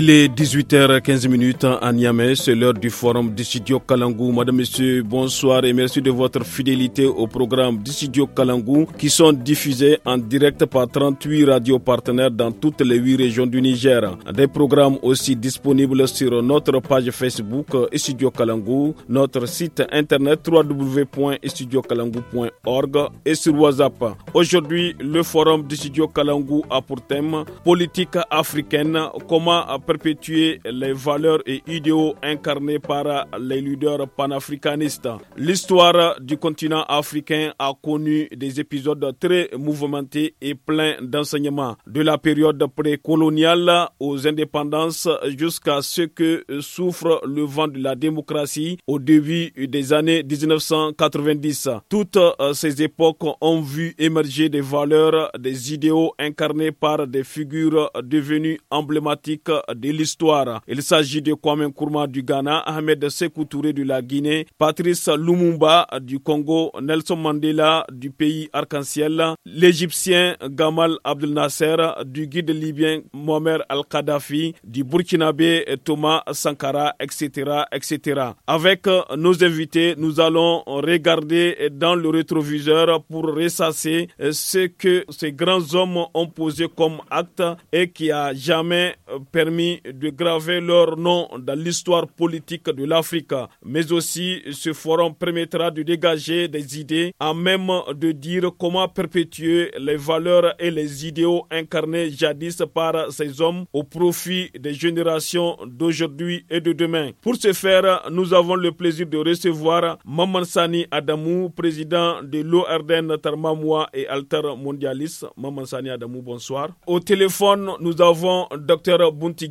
Il est 18h15 à Niamey, c'est l'heure du forum Dissidio Kalangou. Madame, Monsieur, bonsoir et merci de votre fidélité au programme Dissidio Kalangou qui sont diffusés en direct par 38 radios partenaires dans toutes les 8 régions du Niger. Des programmes aussi disponibles sur notre page Facebook Studio Kalangou, notre site internet www.studiokalangou.org et sur WhatsApp. Aujourd'hui, le forum Dissidio Kalangou a pour thème politique africaine, comment perpétuer les valeurs et idéaux incarnés par les leaders panafricanistes. L'histoire du continent africain a connu des épisodes très mouvementés et pleins d'enseignements, de la période précoloniale aux indépendances jusqu'à ce que souffre le vent de la démocratie au début des années 1990. Toutes euh, ces époques ont vu émerger des valeurs, des idéaux incarnés par des figures devenues emblématiques de l'histoire. Il s'agit de Kwame Nkrumah du Ghana, Ahmed Sekou Touré de la Guinée, Patrice Lumumba du Congo, Nelson Mandela du pays arc-en-ciel, l'Égyptien Gamal Abdel Nasser, du guide libyen Mohamed Al-Qadhafi, du Burkinabé Thomas Sankara, etc., etc. Avec nos invités, nous allons regarder dans le rétroviseur pour ressasser ce que ces grands hommes ont posé comme acte et qui a jamais permis de graver leur nom dans l'histoire politique de l'Afrique. Mais aussi, ce forum permettra de dégager des idées à même de dire comment perpétuer les valeurs et les idéaux incarnés jadis par ces hommes au profit des générations d'aujourd'hui et de demain. Pour ce faire, nous avons le plaisir de recevoir Mamansani Adamou, président de l'ORDN Tarmamoua et Alter mondialiste. Mamansani Sani Adamou, bonsoir. Au téléphone, nous avons Dr Bounti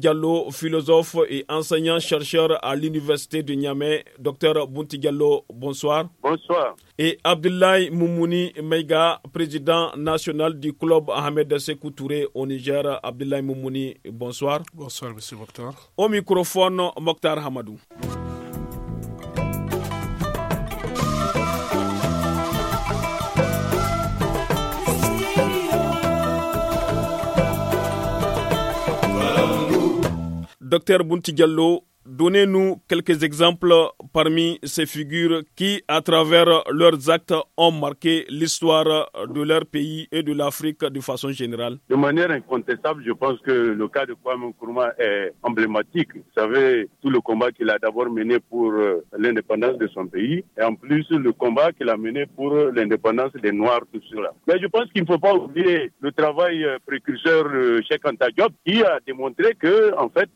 philosophe et enseignant-chercheur à l'université de Niamey. Docteur Bounti bonsoir. Bonsoir. Et Abdoulaye Moumouni Meiga, président national du club Ahmed Sekoutouré au Niger. Abdoulaye Moumouni, bonsoir. Bonsoir, monsieur Mokhtar. Au microphone, Mokhtar Hamadou. Docteur Bounti donnez-nous quelques exemples parmi ces figures qui, à travers leurs actes, ont marqué l'histoire de leur pays et de l'Afrique de façon générale. De manière incontestable, je pense que le cas de Kwame Nkrumah est emblématique. Vous savez, tout le combat qu'il a d'abord mené pour euh, l'indépendance de son pays et en plus le combat qu'il a mené pour euh, l'indépendance des Noirs, tout cela. Mais je pense qu'il ne faut pas oublier le travail euh, précurseur de Cheikh Anta Diop qui a démontré que, en fait,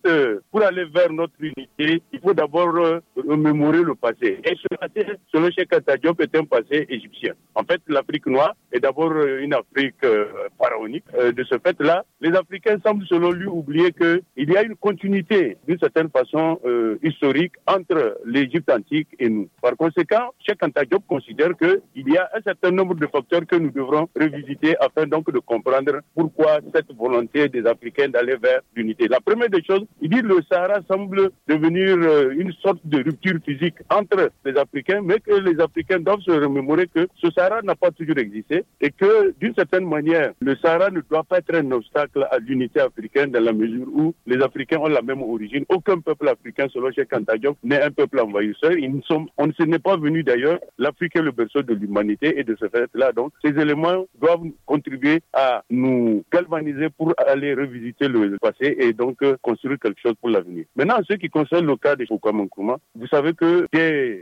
pour aller vers notre union il faut d'abord euh, remémorer le passé. Et ce passé, selon Cheikh Anta Diop, est un passé égyptien. En fait, l'Afrique noire est d'abord euh, une Afrique euh, pharaonique. De ce fait-là, les Africains semblent, selon lui, oublier qu'il y a une continuité, d'une certaine façon, historique entre l'Égypte antique et nous. Par conséquent, Cheikh Anta Diop considère qu'il y a un certain nombre de facteurs que nous devrons revisiter afin donc de comprendre pourquoi cette volonté des Africains d'aller vers l'unité. La première des choses, il dit que le Sahara semble devenir euh, une sorte de rupture physique entre les Africains, mais que les Africains doivent se remémorer que ce Sahara n'a pas toujours existé et que, d'une certaine manière, le Sahara ne doit pas être un obstacle à l'unité africaine dans la mesure où les Africains ont la même origine. Aucun peuple africain, selon Cheikh Anta n'est un peuple envahisseur. Ils ne sont, on ne n'est pas venu d'ailleurs. L'Afrique est le berceau de l'humanité et de ce fait-là. Donc, ces éléments doivent contribuer à nous galvaniser pour aller revisiter le passé et donc euh, construire quelque chose pour l'avenir. Maintenant, ceux qui concerne le cas de Foucault vous savez que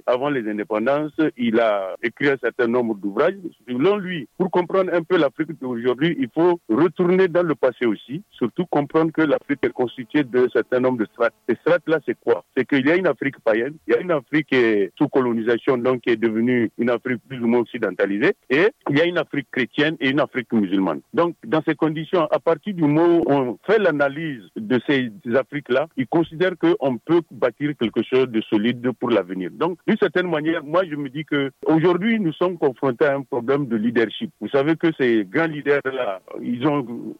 avant les indépendances, il a écrit un certain nombre d'ouvrages. Selon lui, pour comprendre un peu l'Afrique d'aujourd'hui, il faut retourner dans le passé aussi, surtout comprendre que l'Afrique est constituée de certain nombre de strates. Ces strates-là, c'est quoi C'est qu'il y a une Afrique païenne, il y a une Afrique sous colonisation, donc qui est devenue une Afrique plus ou moins occidentalisée, et il y a une Afrique chrétienne et une Afrique musulmane. Donc, dans ces conditions, à partir du moment où on fait l'analyse de ces Afriques-là, il considère qu'on peut bâtir quelque chose de solide pour l'avenir. Donc, d'une certaine manière, moi, je me dis que aujourd'hui, nous sommes confrontés à un problème de leadership. Vous savez que ces grands leaders-là, ils ont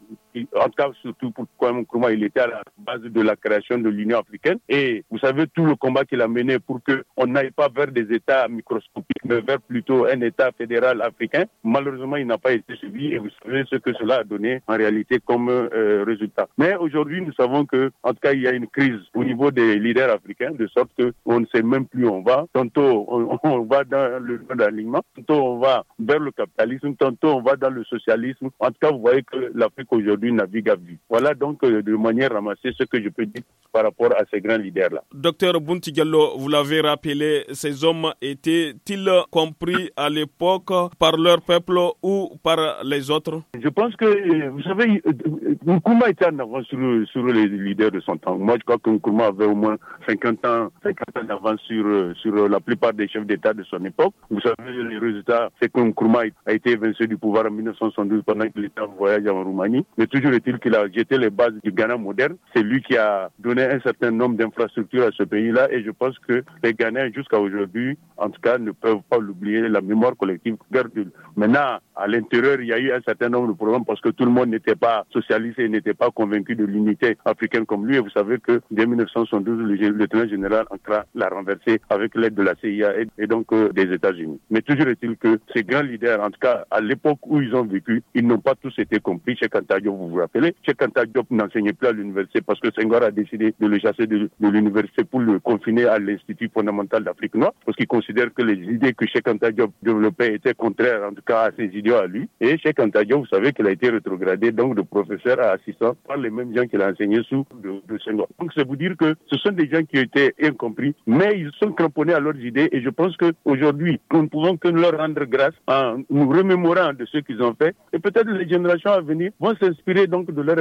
en tout cas surtout pour Kourouma, il était à la base de la création de l'Union africaine. Et vous savez tout le combat qu'il a mené pour qu'on n'aille pas vers des États microscopiques, mais vers plutôt un État fédéral africain. Malheureusement, il n'a pas été suivi et vous savez ce que cela a donné en réalité comme euh, résultat. Mais aujourd'hui, nous savons que, en tout cas, il y a une crise au niveau des leaders africains, de sorte qu'on ne sait même plus où on va. Tantôt, on, va dans le d'alignement, tantôt, on va vers le capitalisme, tantôt, on va dans le socialisme. En tout cas, vous voyez que l'Afrique aujourd'hui aujourd'hui à vue. Voilà donc euh, de manière ramassée ce que je peux dire par rapport à ces grands leaders-là. Docteur Buntigallo, vous l'avez rappelé, ces hommes étaient-ils compris à l'époque par leur peuple ou par les autres Je pense que, euh, vous savez, euh, Nkrumah était en avance sur, les leaders de son temps. Moi, je crois que Nkrumah avait au moins 50 ans, 50 ans d'avance sur, sur la plupart des chefs d'État de son époque. Vous savez, les résultats, c'est que Nkrumah a été évincé du pouvoir en 1972 pendant qu'il était en voyage en Roumanie toujours est-il qu'il a jeté les bases du Ghana moderne. C'est lui qui a donné un certain nombre d'infrastructures à ce pays-là et je pense que les Ghanais jusqu'à aujourd'hui, en tout cas, ne peuvent pas l'oublier. La mémoire collective perdue. Maintenant, à l'intérieur, il y a eu un certain nombre de problèmes parce que tout le monde n'était pas socialiste et n'était pas convaincu de l'unité africaine comme lui. Et vous savez que dès 1972, le lieutenant général Ankara l'a renversé avec l'aide de la CIA et, donc euh, des États-Unis. Mais toujours est-il que ces grands leaders, en tout cas, à l'époque où ils ont vécu, ils n'ont pas tous été compris. chez Kantadio vous vous rappelez, Cheikh Anta Diop n'enseignait plus à l'université parce que Senghor a décidé de le chasser de, l'université pour le confiner à l'Institut fondamental d'Afrique noire parce qu'il considère que les idées que Cheikh Anta Diop développait étaient contraires en tout cas à ses idées à lui. Et Cheikh Anta Diop, vous savez qu'il a été rétrogradé donc de professeur à assistant par les mêmes gens qu'il a enseigné sous de, Senghor. Donc c'est vous dire que ce sont des gens qui ont été incompris, mais ils sont cramponnés à leurs idées et je pense qu'aujourd'hui, nous ne pouvons que leur rendre grâce en nous remémorant de ce qu'ils ont fait et peut-être les générations à venir vont s'inspirer donc de leur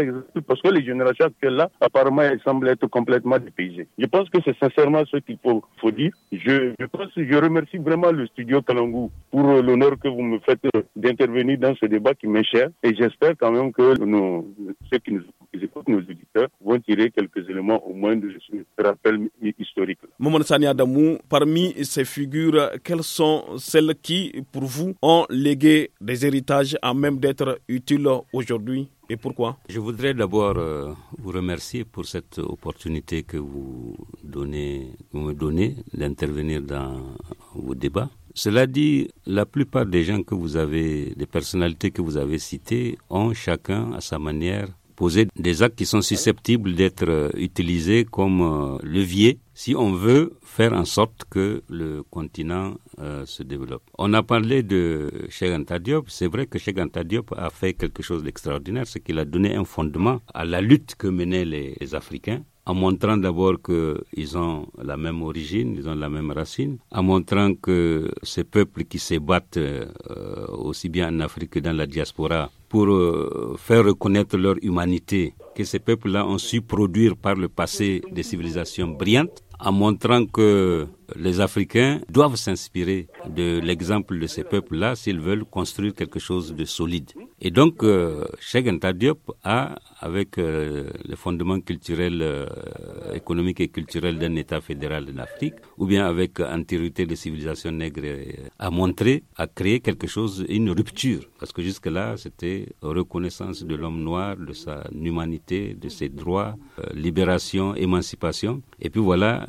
parce que les générations actuelles-là, apparemment, elles semblent être complètement dépaysées. Je pense que c'est sincèrement ce qu'il faut, dire. Je, je, pense, je remercie vraiment le studio Kalangou pour euh, l'honneur que vous me faites euh, d'intervenir dans ce débat qui m'est cher et j'espère quand même que ceux qui nous écoutent, nos auditeurs, vont tirer quelques éléments au moins de ce rappel historique. Maman Sani Adamou, parmi ces figures, quelles sont celles qui, pour vous, ont légué des héritages à même d'être utiles aujourd'hui et pourquoi Je voudrais d'abord euh, vous remercier pour cette opportunité que vous, donnez, vous me donnez d'intervenir dans vos débats. Cela dit, la plupart des gens que vous avez, des personnalités que vous avez citées, ont chacun à sa manière posé des actes qui sont susceptibles d'être euh, utilisés comme euh, levier si on veut faire en sorte que le continent euh, se développe. On a parlé de Cheikh Diop. C'est vrai que Cheikh Anta Diop a fait quelque chose d'extraordinaire, c'est qu'il a donné un fondement à la lutte que menaient les, Africains en montrant d'abord qu'ils ont la même origine, ils ont la même racine, en montrant que ces peuples qui se battent euh, aussi bien en Afrique que dans la diaspora pour euh, faire reconnaître leur humanité, que ces peuples-là ont su produire par le passé des civilisations brillantes, en montrant que les Africains doivent s'inspirer de l'exemple de ces peuples-là s'ils veulent construire quelque chose de solide. Et donc, euh, Cheikh Diop a, avec euh, les fondements culturels, euh, économiques et culturels d'un État fédéral en l'Afrique, ou bien avec euh, antérité des civilisations nègres, euh, a montré, a créé quelque chose, une rupture. Parce que jusque-là, c'était reconnaissance de l'homme noir, de sa humanité, de ses droits, libération, émancipation. Et puis voilà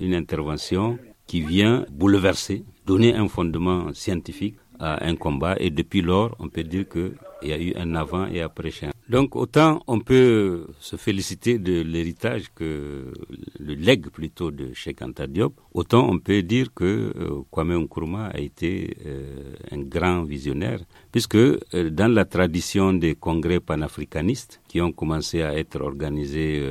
une intervention qui vient bouleverser, donner un fondement scientifique à un combat et depuis lors, on peut dire qu'il y a eu un avant et après chien. Donc autant on peut se féliciter de l'héritage que le legs plutôt de Cheikh Anta Diop, autant on peut dire que euh, Kwame Nkrumah a été euh, un grand visionnaire puisque euh, dans la tradition des congrès panafricanistes qui ont commencé à être organisés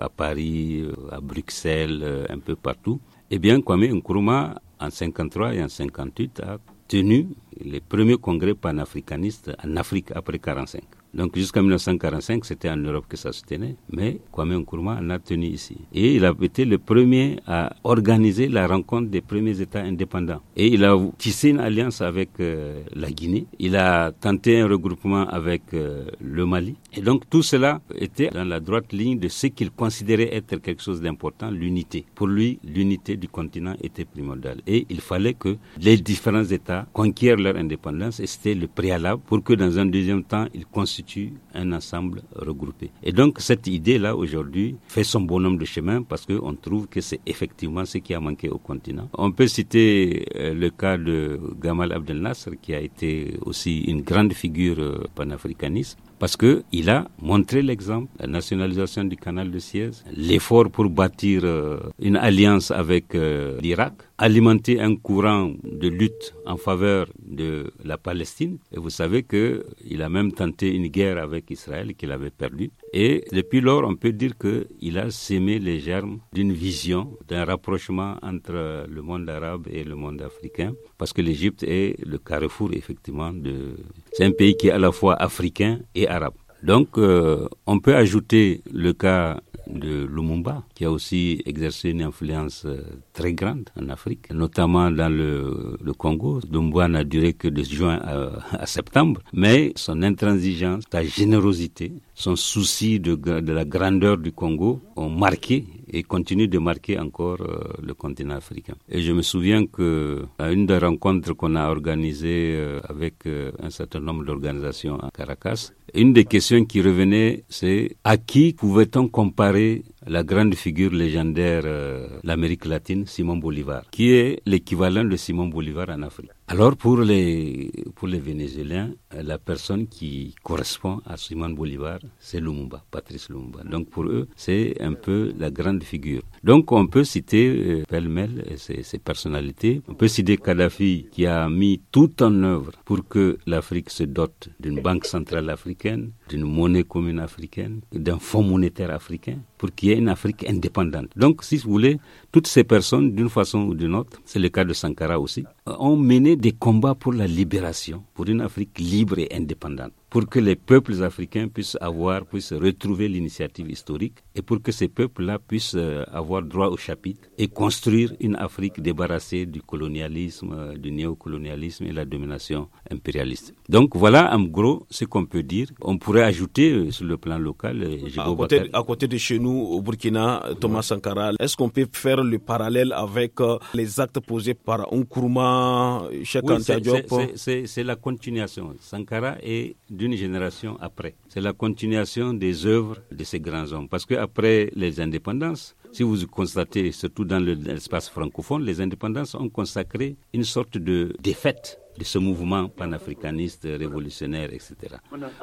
à Paris, à Bruxelles, un peu partout, eh bien Kwame Nkrumah en 53 et en 58 a tenu les premiers congrès panafricanistes en Afrique après 1945. Donc jusqu'en 1945, c'était en Europe que ça se tenait, mais Kwame Nkrumah en a tenu ici. Et il a été le premier à organiser la rencontre des premiers États indépendants. Et il a tissé une alliance avec euh, la Guinée. Il a tenté un regroupement avec euh, le Mali. Et donc tout cela était dans la droite ligne de ce qu'il considérait être quelque chose d'important, l'unité. Pour lui, l'unité du continent était primordiale. Et il fallait que les différents États conquièrent leur indépendance et c'était le préalable pour que dans un deuxième temps, ils constituent un ensemble regroupé. Et donc cette idée-là aujourd'hui fait son bonhomme de chemin parce qu'on trouve que c'est effectivement ce qui a manqué au continent. On peut citer euh, le cas de Gamal Abdel Nasser qui a été aussi une grande figure euh, panafricaniste parce que il a montré l'exemple, la nationalisation du canal de Suez, l'effort pour bâtir euh, une alliance avec l'Irak alimenter un courant de lutte en faveur de la Palestine. Et vous savez qu'il a même tenté une guerre avec Israël qu'il avait perdue. Et depuis lors, on peut dire qu'il a sémé les germes d'une vision, d'un rapprochement entre le monde arabe et le monde africain. Parce que l'Égypte est le carrefour, effectivement, de... C'est un pays qui est à la fois africain et arabe. Donc, euh, on peut ajouter le cas de Lumumba, qui a aussi exercé une influence euh, très grande en Afrique, notamment dans le, Congo. Lumumba n'a duré que de juin à, à septembre, mais son intransigeance, sa générosité, son souci de, de, la grandeur du Congo ont marqué et continuent de marquer encore euh, le continent africain. Et je me souviens que une des rencontres qu'on a organisées euh, avec euh, un certain nombre d'organisations à Caracas, une des questions qui revenait, c'est à qui pouvait-on comparer la grande figure légendaire de l'Amérique latine, Simon Bolivar, qui est l'équivalent de Simon Bolivar en Afrique. Alors pour les, pour les Vénézuéliens, euh, la personne qui correspond à Simon Bolivar, c'est Lumumba, Patrice Lumumba. Donc pour eux, c'est un peu la grande figure. Donc on peut citer euh, pêle-mêle euh, ces, personnalités. On peut citer Kadhafi qui a mis tout en œuvre pour que l'Afrique se dote d'une banque centrale africaine, d'une monnaie commune africaine, d'un fonds monétaire africain, pour qu'il y ait une Afrique indépendante. Donc si vous voulez, toutes ces personnes, d'une façon ou d'une autre, c'est le cas de Sankara aussi, ont mené des combats pour la libération, pour une Afrique libre et indépendante pour que les peuples africains puissent avoir, puissent retrouver l'initiative historique et pour que ces peuples-là puissent euh, avoir droit au chapitre et construire une Afrique débarrassée du colonialisme, euh, du néocolonialisme et de la domination impérialiste. Donc voilà en gros ce qu'on peut dire. On pourrait ajouter euh, sur le plan local. À côté, de chez nous, au Burkina, Thomas Sankara, est-ce qu'on peut faire le parallèle avec les actes posés par Nkrumah, Cheikh oui, C'est la continuation. Sankara est d'une génération après. C'est la continuation des œuvres de ces grands hommes. Parce qu'après les indépendances, si vous constatez, surtout dans l'espace francophone, les indépendances ont consacré une sorte de défaite de ce mouvement panafricaniste, révolutionnaire, etc.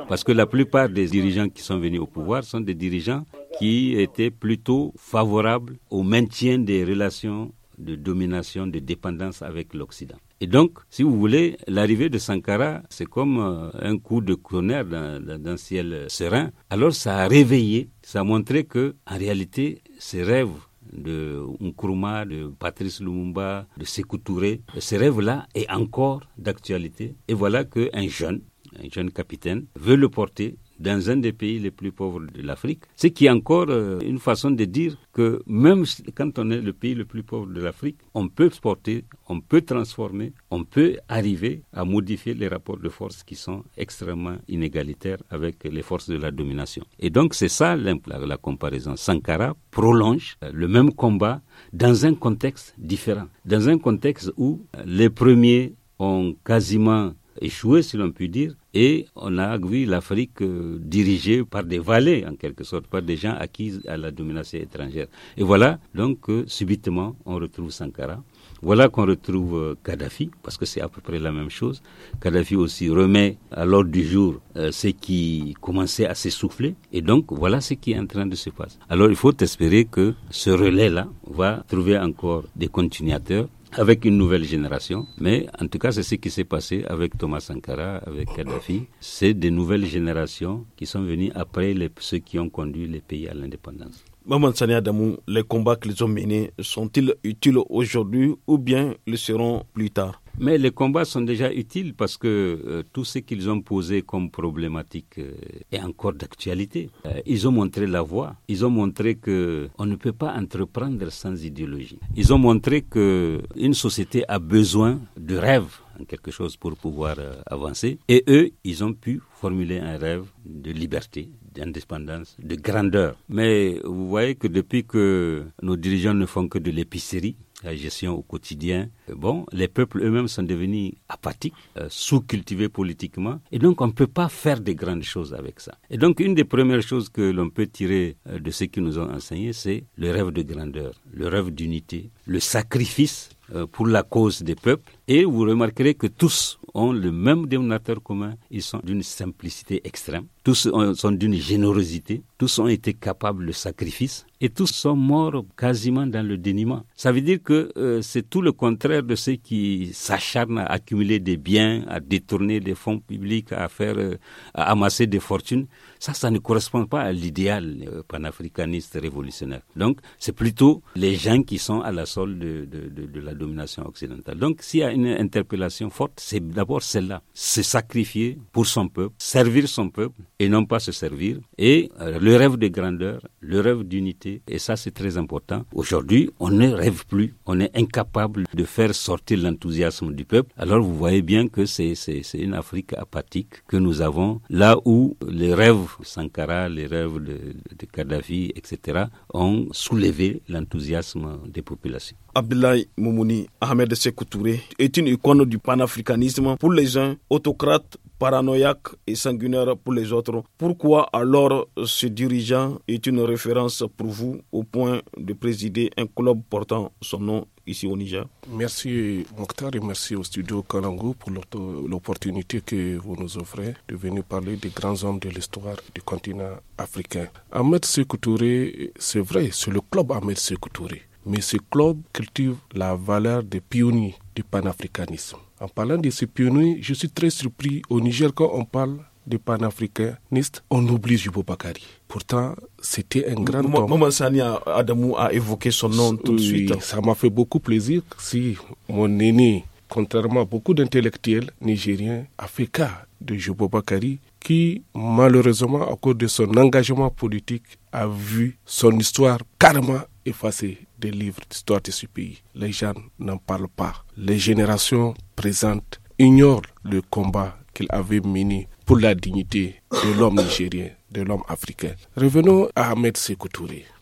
Parce que la plupart des dirigeants qui sont venus au pouvoir sont des dirigeants qui étaient plutôt favorables au maintien des relations de domination, de dépendance avec l'Occident. Et donc, si vous voulez, l'arrivée de Sankara, c'est comme euh, un coup de tonnerre un ciel serein. Alors, ça a réveillé, ça a montré que, en réalité, ces rêves de Nkrumah, de Patrice Lumumba, de Sekou Touré, ces rêves là est encore d'actualité. Et voilà qu'un jeune, un jeune capitaine, veut le porter dans un des pays les plus pauvres de l'Afrique, ce qui est encore euh, une façon de dire que même quand on est le pays le plus pauvre de l'Afrique, on peut exporter, on peut transformer, on peut arriver à modifier les rapports de force qui sont extrêmement inégalitaires avec les forces de la domination. Et donc c'est ça la, la comparaison. Sankara prolonge euh, le même combat dans un contexte différent, dans un contexte où euh, les premiers ont quasiment échoué, si l'on peut dire, et on a vu l'Afrique euh, dirigée par des valets, en quelque sorte, par des gens acquis à la domination étrangère. Et voilà, donc, euh, subitement, on retrouve Sankara. Voilà qu'on retrouve euh, Kadhafi, parce que c'est à peu près la même chose. Kadhafi aussi remet à l'ordre du jour ce qui commençait à s'essouffler. Et donc, voilà ce qui est en train de se passer. Alors, il faut espérer que ce relais-là va trouver encore des continuateurs avec une nouvelle génération. Mais en tout cas, c'est ce qui s'est passé avec Thomas Sankara, avec Kadhafi. C'est des nouvelles générations qui sont venues après ceux qui ont conduit les pays à l'indépendance. Maman Sani Adamou, les combats qu'ils ont menés sont-ils utiles aujourd'hui ou bien le seront plus tard Mais les combats sont déjà utiles parce que euh, tout ce qu'ils ont posé comme problématique euh, est encore d'actualité. Euh, ils ont montré la voie, ils ont montré que on ne peut pas entreprendre sans idéologie. Ils ont montré que une société a besoin de rêves quelque chose pour pouvoir avancer. Et eux, ils ont pu formuler un rêve de liberté, d'indépendance, de grandeur. Mais vous voyez que depuis que nos dirigeants ne font que de l'épicerie, la gestion au quotidien. Euh, bon, les peuples eux-mêmes sont devenus apathiques, euh, sous-cultivés politiquement, et donc on ne peut pas faire de grandes choses avec ça. Et donc une des premières choses que l'on peut tirer euh, de ce qu'ils nous ont enseigné, c'est le rêve de grandeur, le rêve d'unité, le sacrifice pour la cause des peuples et vous remarquerez que tous ont le même dénominateur commun. Ils sont d'une simplicité extrême. Tous sont d'une générosité. Tous ont été capables de sacrifice. Et tous sont morts quasiment dans le déniement. Ça veut dire que euh, c'est tout le contraire de ceux qui s'acharnent à accumuler des biens, à détourner des fonds publics, à faire, euh, à amasser des fortunes. Ça, ça ne correspond pas à l'idéal euh, panafricaniste révolutionnaire. Donc, c'est plutôt les gens qui sont à la solde de, de la domination occidentale. Donc, s'il y a une interpellation forte, c'est d'abord celle-là. Se sacrifier pour son peuple, servir son peuple et non pas se servir. Et euh, le rêve de grandeur, le rêve d'unité, et ça c'est très important. Aujourd'hui, on ne rêve plus, on est incapable de faire sortir l'enthousiasme du peuple. Alors vous voyez bien que c'est une Afrique apathique que nous avons, là où les rêves de Sankara, les rêves de, Kadhafi, etc., ont soulevé l'enthousiasme des populations. Abdoulaye Moumouni, Ahmed Touré, est une icône du panafricanisme pour les uns, autocrate, paranoïaque et sanguinaire pour les autres. Pourquoi alors ce dirigeant est une référence pour vous au point de présider un club portant son nom ici au Niger Merci Mokhtar et merci au studio Kalango pour l'opportunité que vous nous offrez de venir parler des grands hommes de l'histoire du continent africain. Ahmed Sekou Touré, c'est vrai, c'est le club Ahmed Sekou Touré mais ce club cultive la valeur des pionniers du panafricanisme. En parlant de ces pionniers, je suis très surpris au Niger quand on parle de panafricaniste, on oublie Jubo Bakari. Pourtant, c'était un grand homme. Maman Adamou a évoqué son nom tout de suite. Ça m'a fait beaucoup plaisir si mon aîné, contrairement à beaucoup d'intellectuels nigériens, a fait cas de Jubo Bakari, qui, malheureusement, à cause de son engagement politique, a vu son histoire carrément effacer des livres d'histoire de ce pays. Les gens n'en parlent pas. Les générations présentes ignorent le combat qu'ils avaient mené pour la dignité de l'homme nigérien, de l'homme africain. Revenons à Ahmed Sekou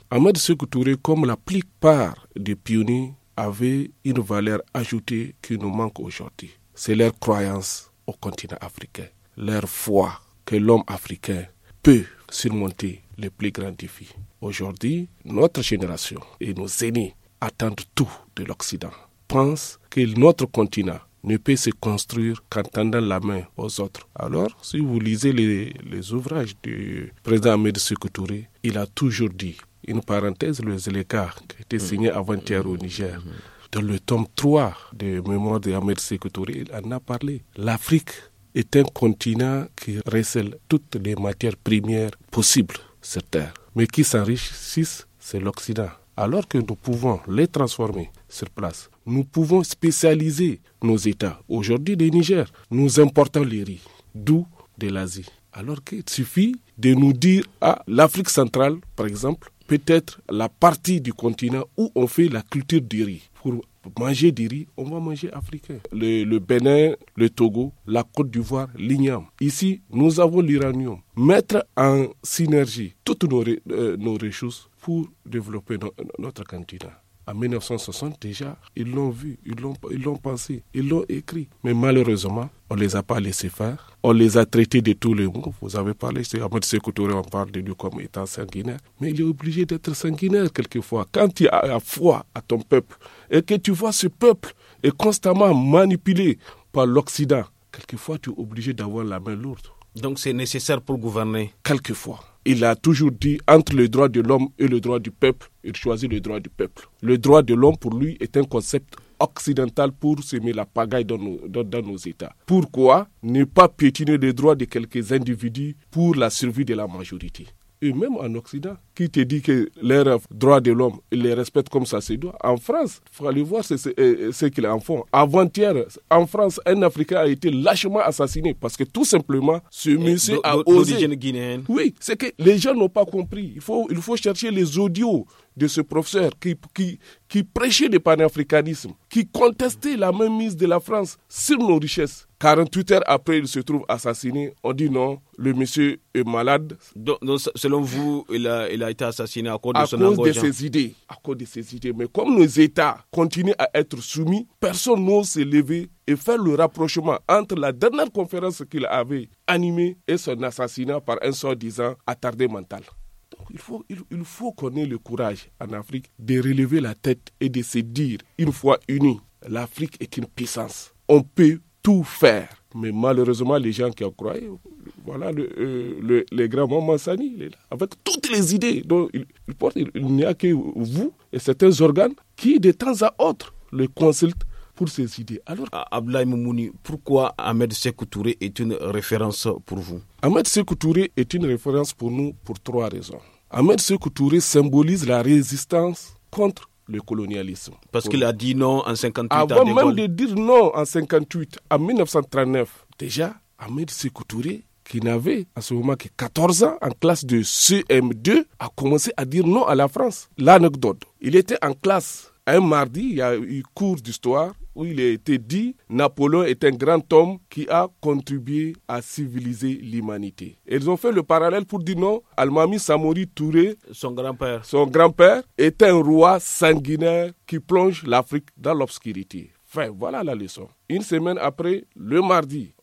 Ahmed Sekou comme la plupart des pionniers, avait une valeur ajoutée qui nous manque aujourd'hui. C'est leur croyance au continent africain, leur foi que l'homme africain peut surmonter les plus grands défis. Aujourd'hui, notre génération et nos aînés attendent tout de l'Occident, pensent que notre continent ne peut se construire qu'en tendant la main aux autres. Alors, si vous lisez les, ouvrages du président Ahmed Touré, il a toujours dit, une parenthèse, le Zéléka, qui était mm. signé avant-hier au mm. Niger, mm. dans le tome 3 de mémoires de Ahmed il en a parlé. L'Afrique est un continent qui recèle toutes les matières premières possibles sur Terre. Mais qui s'enrichissent, c'est l'Occident. Alors que nous pouvons les transformer sur place, nous pouvons spécialiser nos États. Aujourd'hui, le Niger, nous importons les riz, d'où de l'Asie. Alors qu'il suffit de nous dire, à ah, l'Afrique centrale, par exemple, peut-être la partie du continent où on fait la culture du riz. Pour manger du riz, on va manger africain. Le, Bénin, le Togo, la Côte d'Ivoire, l'igname. Ici, nous avons l'uranium. Mettre en synergie toutes nos, euh, ressources pour développer notre continent. En 1960 déjà, ils l'ont vu, ils l'ont, ils l'ont pensé, ils l'ont écrit. Mais malheureusement, on ne les a pas laissés faire. On les a traités de tous les mots. Vous avez parlé, c'est Ahmed Touré, on parle de lui comme étant sanguinaire. Mais il est obligé d'être sanguinaire quelquefois. Quand tu as la foi à ton peuple et que tu vois ce peuple est constamment manipulé par l'Occident, quelquefois tu es obligé d'avoir la main lourde. Donc c'est nécessaire pour gouverner Quelquefois. Il a toujours dit entre le droit de l'homme et le droit du peuple, il choisit le droit du peuple. Le droit de l'homme, pour lui, est un concept occidental pour semer la pagaille dans nos, nos États. Pourquoi ne pas piétiner les droits de quelques individus pour la survie de la majorité Et même en Occident, qui te dit que leurs droits de l'homme, ils les respectent comme ça c'est doit. En France, il faut aller voir ce, euh, ce, qu'ils en font. Avant-hier, en France, un Africain a été lâchement assassiné parce que tout simplement, ce monsieur a osé. Oui, c'est que les gens n'ont pas compris. Il faut, il faut chercher les audios de ce professeur qui, qui, prêchait le panafricanisme, qui contestait la même mise de la France sur nos richesses. 48 heures après, il se trouve assassiné. On dit non, le monsieur est malade. selon vous, il a été assassiné à cause de ses idées. À cause de ses idées. Mais comme nos États continuent à être soumis, personne n'ose se lever et faire le rapprochement entre la dernière conférence qu'il avait animée et son assassinat par un soi-disant attardé mental. il faut, il faut qu'on ait le courage en Afrique de relever la tête et de se dire, une fois unis, l'Afrique est une puissance. On peut tout faire. Mais malheureusement, les gens qui en croyaient, voilà, le, grand euh, le, les grands Sani, avec toutes les idées dont il, porte, il, n'y a que vous et certains organes qui, de temps à autre, le consultent pour ses idées. Alors, ah, Ablaï Moumouni, pourquoi Ahmed Sekou Touré est une référence pour vous Ahmed Sekou Touré est une référence pour nous pour trois raisons. Ahmed Sekou Touré symbolise la résistance contre le colonialisme. Parce qu'il a dit non en 58. Avant même de dire non en 58, en 1939, déjà, Ahmed Sékou Touré, qui n'avait à ce moment que 14 ans en classe de CM2, a commencé à dire non à la France. L'anecdote, il était en classe un mardi, il y a eu cours d'histoire où il a été dit Napoléon est un grand homme qui a contribué à civiliser l'humanité. Ils ont fait le parallèle pour dire non, Almami Samori Touré, son grand-père, son grand-père est un roi sanguinaire qui plonge l'Afrique dans l'obscurité. Enfin, voilà la leçon. Une semaine après, le mardi,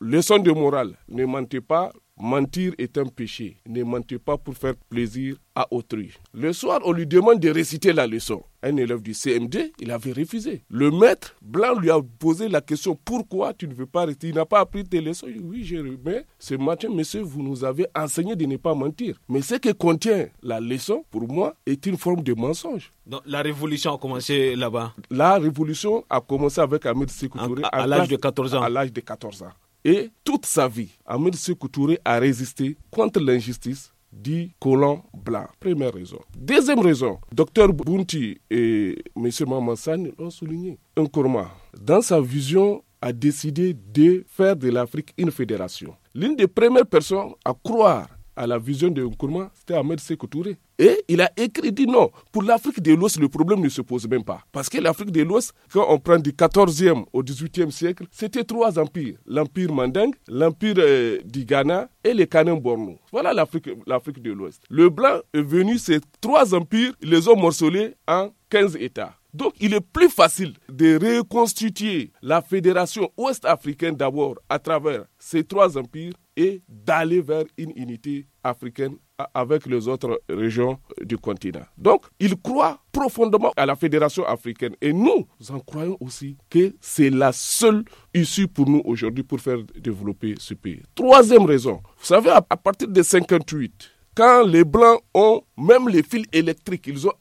leçon de morale, ne mentez pas, Mentir est un péché. Ne mentez pas pour faire plaisir à autrui. Le soir, on lui demande de réciter la leçon. Un élève du CMD, il avait refusé. Le maître blanc lui a posé la question pourquoi tu ne veux pas réciter Il n'a pas appris tes leçons. oui, j'ai mais ce matin, monsieur, vous nous avez enseigné de ne pas mentir. Mais ce que contient la leçon, pour moi, est une forme de mensonge. la révolution a commencé là-bas La révolution a commencé avec Ahmed Sékou Touré à l'âge de 14 ans. À l'âge de 14 ans. Et toute sa vie, Ahmed Sékou Touré a résisté contre l'injustice du colon blanc. Première raison. Deuxième raison, Dr Bounti et M. Mamassane l'ont souligné. Nkrumah, dans sa vision, a décidé de faire de l'Afrique une fédération. L'une des premières personnes à croire à la vision de Nkourma, c'était Ahmed Sekou Touré. Et il a écrit, dit non, pour l'Afrique de l'Ouest, le problème ne se pose même pas. Parce que l'Afrique de l'Ouest, quand on prend du 14e au 18e siècle, c'était trois empires. L'empire Mandingue, l'empire euh, du Ghana et les Canins Borno. Voilà l'Afrique de l'Ouest. Le blanc est venu, ces trois empires, ils les ont morcelés en 15 États. Donc, il est plus facile de reconstituer la fédération ouest-africaine d'abord à travers ces trois empires et d'aller vers une unité africaine avec les autres régions du continent. Donc, il croient profondément à la Fédération africaine et nous, nous en croyons aussi que c'est la seule issue pour nous aujourd'hui pour faire développer ce pays. Troisième raison, vous savez, à partir de 58, quand les Blancs ont, même les fils électriques, ils ont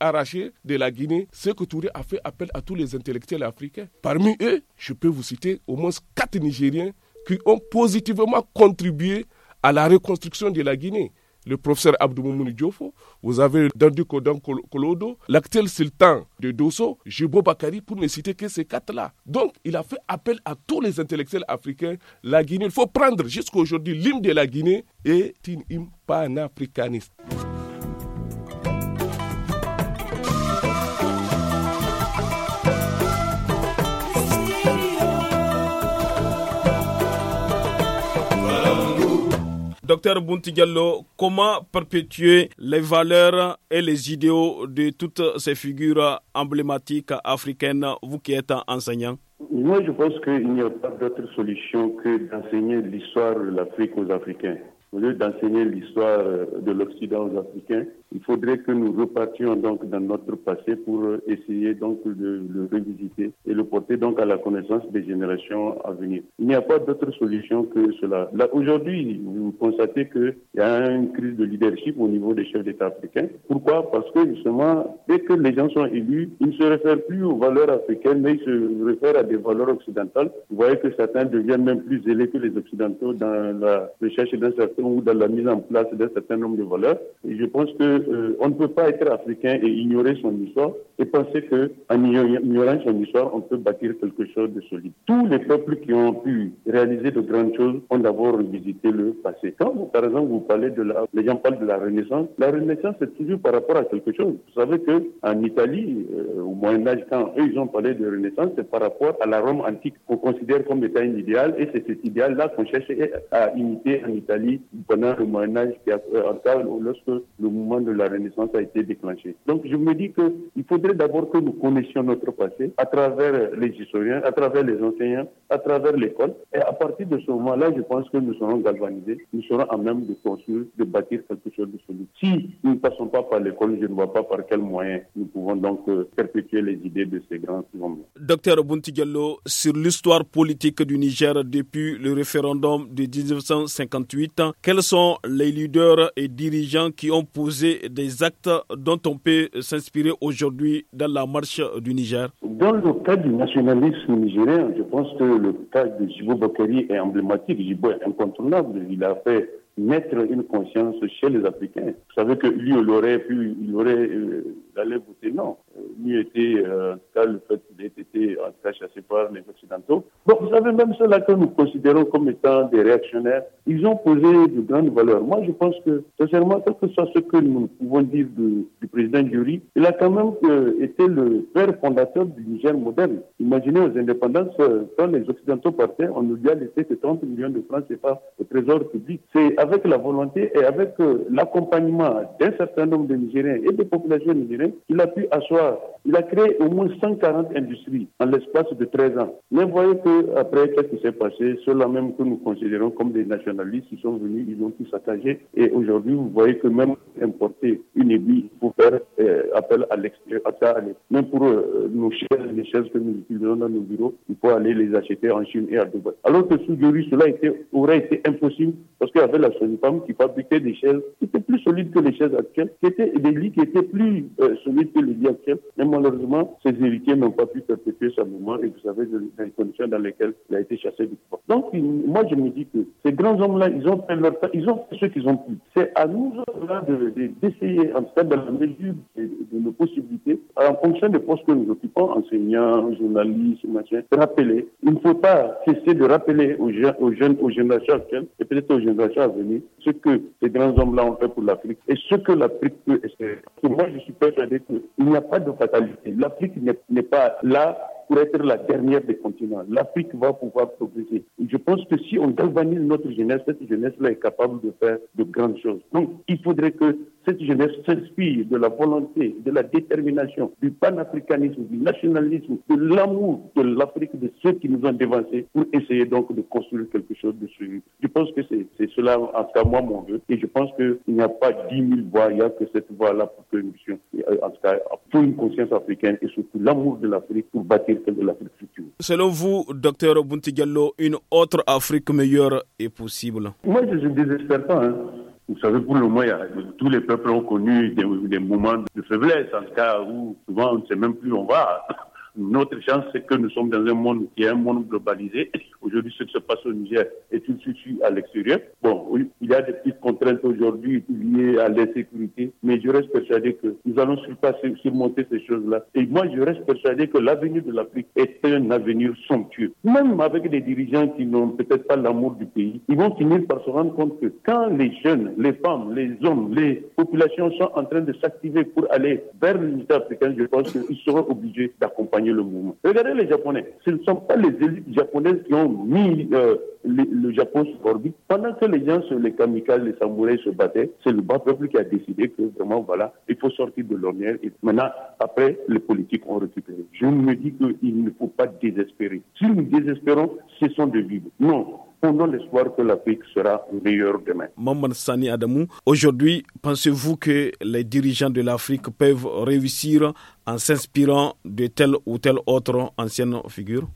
arraché, de la Guinée, Ce que Touré a fait appel à tous les intellectuels africains. Parmi eux, je peux vous citer au moins quatre Nigériens qui ont positivement contribué à la reconstruction de la Guinée. Le professeur Abdoumoumouni Diofo, vous avez Dandu Kodan Kolodo, l'actuel sultan de Dosso, Jibo Bakari, pour ne citer que ces quatre-là. Donc, il a fait appel à tous les intellectuels africains. La Guinée, il faut prendre jusqu'à aujourd'hui l'hymne de la Guinée est une hymne panafricaniste. Docteur Buntigallo, comment perpétuer les valeurs et les idéaux de toutes ces figures emblématiques africaines, vous qui êtes enseignant Moi, je pense qu'il n'y a pas d'autre solution que d'enseigner l'histoire de l'Afrique aux Africains. Au lieu d'enseigner l'histoire de l'Occident aux Africains, il faudrait que nous repartions donc dans notre passé pour essayer donc de le revisiter et le porter donc à la connaissance des générations à venir. Il n'y a pas d'autre solution que cela. aujourd'hui, vous constatez qu'il y a une crise de leadership au niveau des chefs d'État africains. Pourquoi Parce que justement, dès que les gens sont élus, ils ne se réfèrent plus aux valeurs africaines, mais ils se réfèrent à des valeurs occidentales. Vous voyez que certains deviennent même plus élevés que les occidentaux dans la recherche d'un certain ou dans la mise en place d'un certain nombre de valeurs. Et je pense que euh, on ne peut pas être africain et ignorer son histoire et penser que en ignorant son histoire, on peut bâtir quelque chose de solide. Tous les peuples qui ont pu réaliser de grandes choses ont d'abord revisité le passé. Quand par exemple, vous parlez de la, les gens parlent de la Renaissance, la Renaissance c'est toujours par rapport à quelque chose. Vous savez que en Italie, euh, au Moyen Âge, quand eux ils ont parlé de Renaissance, c'est par rapport à la Rome antique qu'on considère comme étant un idéal, et c'est cet idéal-là qu'on cherche à imiter en Italie pendant le Moyen Âge, qui a, euh, lorsque le mouvement de la Renaissance a été déclenchée. Donc je me dis qu'il faudrait d'abord que nous connaissions notre passé à travers les historiens, à travers les enseignants, à travers l'école. Et à partir de ce moment-là, je pense que nous serons galvanisés, nous serons à même de construire, de bâtir quelque chose de solide. Si nous ne passons pas par l'école, je ne vois pas par quels moyens nous pouvons donc euh, perpétuer les idées de ces grands hommes. Docteur Buntigello, sur l'histoire politique du Niger depuis le référendum de 1958, quels sont les leaders et dirigeants qui ont posé des, actes dont on peut s'inspirer aujourd'hui dans la marche du Niger Dans le cas du nationalisme nigérien, je pense que le cas de Jibo Bakary est emblématique. Jibo est incontournable. Il a fait mettre une conscience chez les Africains. Vous savez que lui, il aurait pu, il aurait euh, d'aller voter non. Lui était, en tout cas, le fait qu'il ait été en tout cas par les Occidentaux. Bon, vous savez, même ceux-là que nous considérons comme étant des réactionnaires, ils ont posé de grandes valeurs. Moi, je pense que, sincèrement, quel que soit ce que nous pouvons dire du président Jury, il a quand même euh, été le père fondateur du Niger moderne. Imaginez aux indépendances, euh, quand les Occidentaux partaient, on nous dit à laisser que 30 millions de francs, c'est pas le trésor public. C'est avec la volonté et avec euh, l'accompagnement d'un certain nombre de Nigériens et des populations nigériennes il a pu asseoir, il a créé au moins 140 industries en l'espace de 13 ans. Mais vous voyez que après, qu'est-ce qui s'est passé Ceux-là même que nous considérons comme des nationalistes, ils sont venus, ils ont tout saccagé. Et aujourd'hui, vous voyez que même importer une aiguille, pour faire euh, appel à l'extérieur. Même pour euh, nos chaises, les chaises que nous utilisons dans nos bureaux, il faut aller les acheter en Chine et à Dubaï. Alors que sous rue, cela aurait été impossible parce qu'il y avait la Sonipam qui fabriquait des chaises qui étaient plus solides que les chaises actuelles, qui étaient des lits qui étaient plus euh, celui qui le dit actuel. Mais malheureusement, ses héritiers n'ont pas pu perpétuer sa moment et vous savez les conditions dans lesquelles il a été chassé du pouvoir. Donc, moi, je me dis que ces grands hommes-là, ils ont fait leur ils ont fait ce qu'ils ont pu. C'est à nous, là, d'essayer, en tout cas, dans la mesure de, nos possibilités, en fonction des postes que nous occupons, enseignants, journalistes, machin, rappeler. Il ne faut pas cesser de rappeler aux, jeunes, aux, jeunes, aux et peut-être aux générations à venir ce que ces grands hommes-là ont fait pour l'Afrique et ce que l'Afrique peut espérer. moi, je suis pas il n'y a pas de fatalité. L'Afrique n'est pas là pour être la dernière des continents. L'Afrique va pouvoir progresser. Je pense que si on galvanise notre jeunesse, cette jeunesse-là est capable de faire de grandes choses. Donc, il faudrait que cette jeunesse s'inspire de la volonté, de la détermination, du panafricanisme, du nationalisme, de l'amour de l'Afrique, de ceux qui nous ont dévancés pour essayer donc de construire quelque chose de suivi. Je pense que c'est cela, en tout cas, moi, mon vœu. Et je pense qu'il n'y a pas 10 000 voies, il n'y a que cette voie-là pour que mission, euh, en tout pour une conscience africaine et surtout l'amour de l'Afrique pour bâtir celle de l'Afrique future. Selon vous, docteur Buntigallo, une autre Afrique meilleure est possible Moi, je ne désespère pas. Hein. Vous savez, pour le moment, tous les peuples ont connu des, des, moments de faiblesse, en tout cas où souvent on ne sait même plus où on va. Notre chance, c'est que nous sommes dans un monde qui est un monde globalisé. Aujourd'hui, ce qui se passe au Niger est une suite à l'extérieur. Bon, oui, il y a des petites contraintes aujourd'hui liées à l'insécurité, mais je reste persuadé que nous allons surpasser, surmonter ces choses-là. Et moi, je reste persuadé que l'avenir de l'Afrique est un avenir somptueux. Même avec des dirigeants qui n'ont peut-être pas l'amour du pays, ils vont finir par se rendre compte que quand les jeunes, les femmes, les hommes, les populations sont en train de s'activer pour aller vers l'unité africaine, je pense qu'ils seront obligés d'accompagner le mouvement. Regardez les Japonais. Ce ne sont pas les élites japonaises qui ont mis euh, le, Japon sur orbite. Pendant que les gens, les kamikazes, les samouraïs se battaient, c'est le bas peuple qui a décidé que vraiment, voilà, il faut sortir de l'ornière. Et maintenant, après, les politiques ont récupéré. Je me dis qu'il ne faut pas désespérer. Si nous désespérons, sont de vivre. Non, on l'espoir que l'Afrique sera meilleure demain. Maman Sani Adamou, aujourd'hui, pensez-vous que les dirigeants de l'Afrique peuvent réussir en s'inspirant de telle ou telle autre ancienne figure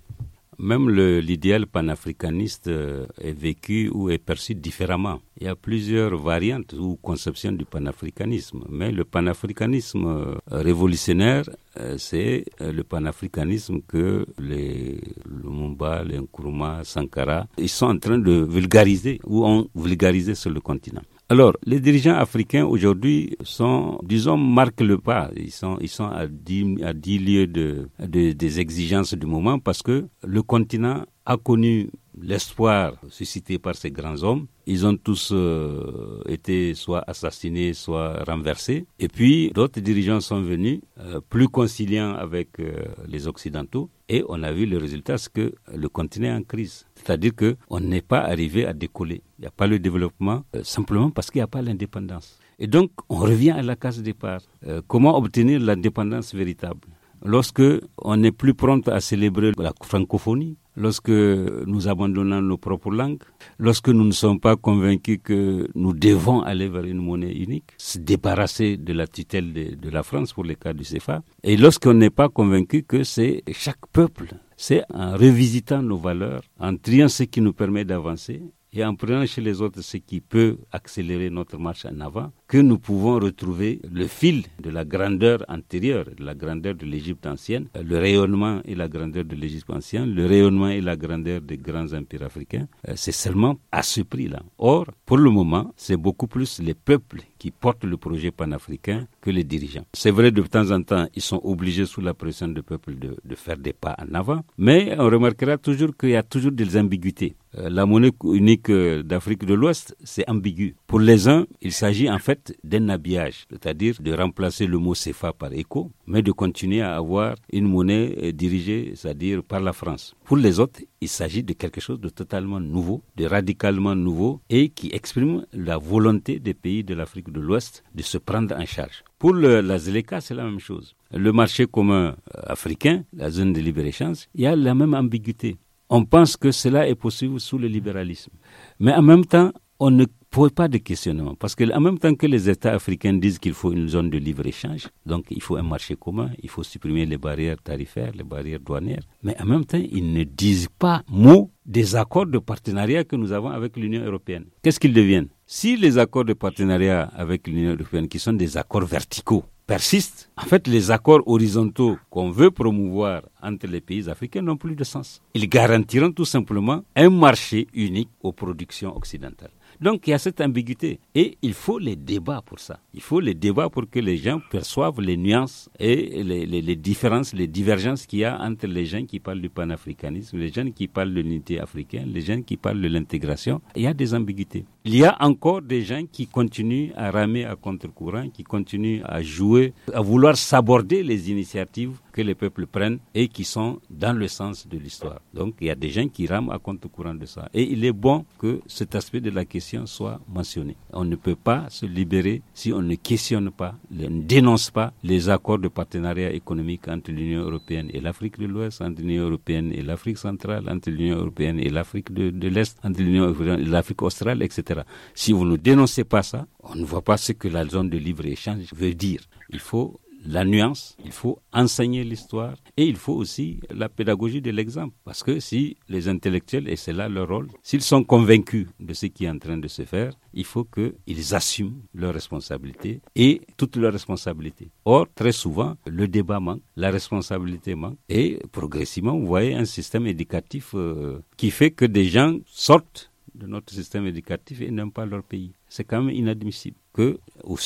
même l'idéal panafricaniste euh, est vécu ou est perçu différemment. Il y a plusieurs variantes ou conceptions du panafricanisme, mais le panafricanisme euh, révolutionnaire, euh, c'est le panafricanisme que les Lumumba, les Nkrumah, Sankara, ils sont en train de vulgariser ou ont vulgarisé sur le continent. Alors, les dirigeants africains aujourd'hui sont, disons, marquent le pas. Ils sont, ils sont à 10, à lieues de, des exigences du moment parce que le continent a connu l'espoir suscité par ces grands hommes. Ils ont tous euh, été soit assassinés, soit renversés. Et puis d'autres dirigeants sont venus, euh, plus conciliants avec euh, les Occidentaux. Et on a vu le résultat, c'est que le continent est en crise. C'est-à-dire qu'on n'est pas arrivé à décoller. Il n'y a pas le développement, simplement parce qu'il n'y a pas l'indépendance. Et donc, on revient à la case départ. comment obtenir l'indépendance véritable Lorsque on n'est plus prompt à célébrer la francophonie, lorsque nous abandonnons nos propres langues, lorsque nous ne sommes pas convaincus que nous devons aller vers une monnaie unique, se débarrasser de la tutelle de, la France pour le cas du CFA, et lorsqu'on n'est pas convaincu que c'est chaque peuple, c'est en revisitant nos valeurs, en triant ce qui nous permet d'avancer et en prenant chez les autres ce qui peut accélérer notre marche en avant que nous pouvons retrouver le fil de la grandeur antérieure, de la grandeur de l'Égypte ancienne, euh, le rayonnement et la grandeur de l'Égypte ancienne, le rayonnement et la grandeur des grands empires africains. Euh, c'est seulement à ce prix-là. Or, pour le moment, c'est beaucoup plus les peuples qui portent le projet panafricain que les dirigeants. C'est vrai, de temps en temps, ils sont obligés sous la pression des peuples, de, de faire des pas en avant, mais on remarquera toujours qu'il y a toujours des ambiguïtés. Euh, la monnaie unique d'Afrique de l'Ouest, c'est ambigu. Pour les uns, il s'agit en fait d'un habillage, c'est-à-dire de remplacer le mot CFA par éco, mais de continuer à avoir une monnaie euh, dirigée, c'est-à-dire par la France. Pour les autres, il s'agit de quelque chose de totalement nouveau, de radicalement nouveau, et qui exprime la volonté des pays de l'Afrique de l'Ouest de se prendre en charge. Pour la ZLK, c'est la même chose. Le marché commun euh, africain, la zone de libre-échange, il y a la même ambiguïté. On pense que cela est possible sous le libéralisme. Mais en même temps, on ne pose pas de questionnement. Parce que, en même temps que les États africains disent qu'il faut une zone de libre-échange, donc il faut un marché commun, il faut supprimer les barrières tarifaires, les barrières douanières, mais en même temps, ils ne disent pas mot des accords de partenariat que nous avons avec l'Union européenne. Qu'est-ce qu'ils deviennent Si les accords de partenariat avec l'Union européenne, qui sont des accords verticaux, persistent, en fait, les accords horizontaux qu'on veut promouvoir entre les pays africains n'ont plus de sens. Ils garantiront tout simplement un marché unique aux productions occidentales. Donc il y a cette ambiguïté et il faut les débats pour ça. Il faut les débats pour que les gens perçoivent les nuances et les, différences, les divergences qu'il y a entre les gens qui parlent du panafricanisme, les gens qui parlent de l'unité africaine, les gens qui parlent de l'intégration. Il y a des ambiguïtés. Il y a encore des gens qui continuent à ramer à contre-courant, qui continuent à jouer, à vouloir s'aborder les initiatives que les peuples prennent et qui sont dans le sens de l'histoire. Donc il y a des gens qui rament à compte courant de ça. Et il est bon que cet aspect de la question soit mentionné. On ne peut pas se libérer si on ne questionne pas, ne dénonce pas les accords de partenariat économique entre l'Union européenne et l'Afrique de l'Ouest, entre l'Union européenne et l'Afrique centrale, entre l'Union européenne et l'Afrique de, de l'Est, entre l'Union européenne et l'Afrique australe, etc. Si vous ne dénoncez pas ça, on ne voit pas ce que la zone de libre-échange veut dire. Il faut la nuance, il faut enseigner l'histoire et il faut aussi la pédagogie de l'exemple. Parce que si les intellectuels, et c'est là leur rôle, s'ils sont convaincus de ce qui est en train de se faire, il faut qu'ils assument leurs responsabilités et toutes leurs responsabilités. Or, très souvent, le débat manque, la responsabilité manque et progressivement, vous voyez un système éducatif euh, qui fait que des gens sortent de notre système éducatif et n'aiment pas leur pays c'est quand même inadmissible que, au,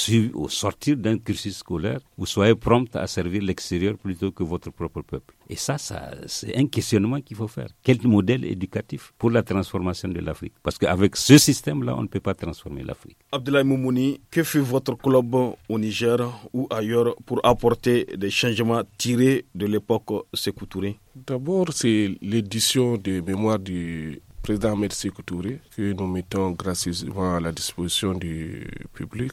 sortir d'un cursus scolaire, vous soyez prompt à servir l'extérieur plutôt que votre propre peuple. Et ça, ça c'est un questionnement qu'il faut faire. Quel modèle éducatif pour la transformation de l'Afrique Parce qu'avec ce système-là, on ne peut pas transformer l'Afrique. Abdoulaye Moumouni, que fait votre club au Niger ou ailleurs pour apporter des changements tirés de l'époque Sékou Touré D'abord, c'est l'édition des mémoires du président Ahmed Touré, que nous mettons gracieusement à la disposition du public